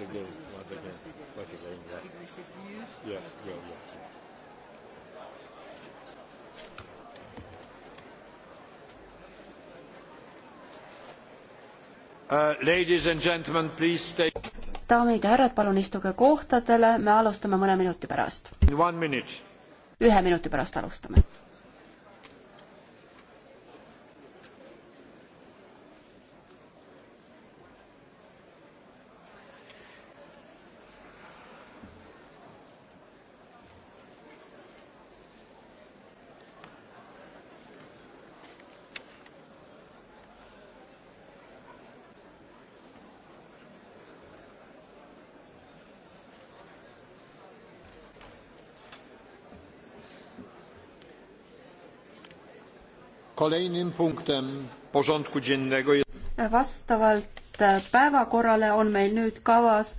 once again, once again, once again. Yeah, yeah, yeah. yeah. Uh, ladies and gentlemen, please stay. daamid ja härrad, palun istuge kohtadele, me alustame mõne minuti pärast. ühe minuti pärast alustame. Kolejnym punktem porządku dziennego jest vastavalt e, päevakorrale on meil nüüd kavas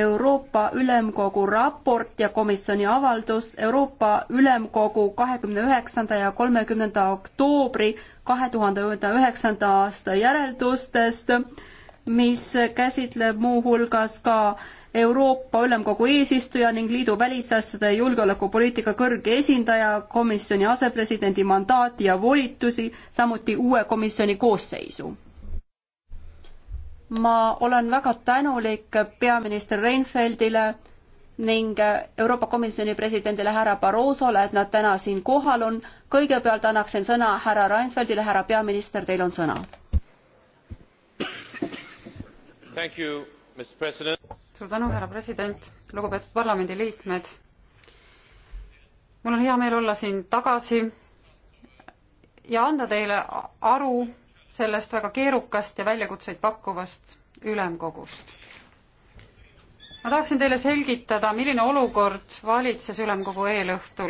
Euroopa Ülemkogu raport ja komisjoni avaldus Euroopa Ülemkogu kahekümne üheksanda ja kolmekümnenda oktoobri kahe tuhande üheksanda aasta järeldustest mis käsitleb muuhulgas ka Euroopa Ülemkogu eesistuja ning liidu välisasjade ja julgeolekupoliitika kõrge esindaja, komisjoni asepresidendi mandaati ja volitusi, samuti uue komisjoni koosseisu. ma olen väga tänulik peaminister Reinfeldile ning Euroopa Komisjoni presidendile härra Barrosole, et nad täna siin kohal on. kõigepealt annaksin sõna härra Reinfeldile, härra peaminister, teil on sõna suur tänu, härra president, lugupeetud parlamendiliikmed. mul on hea meel olla siin tagasi ja anda teile aru sellest väga keerukast ja väljakutseid pakkuvast ülemkogust. ma tahaksin teile selgitada, milline olukord valitses ülemkogu eelõhtul.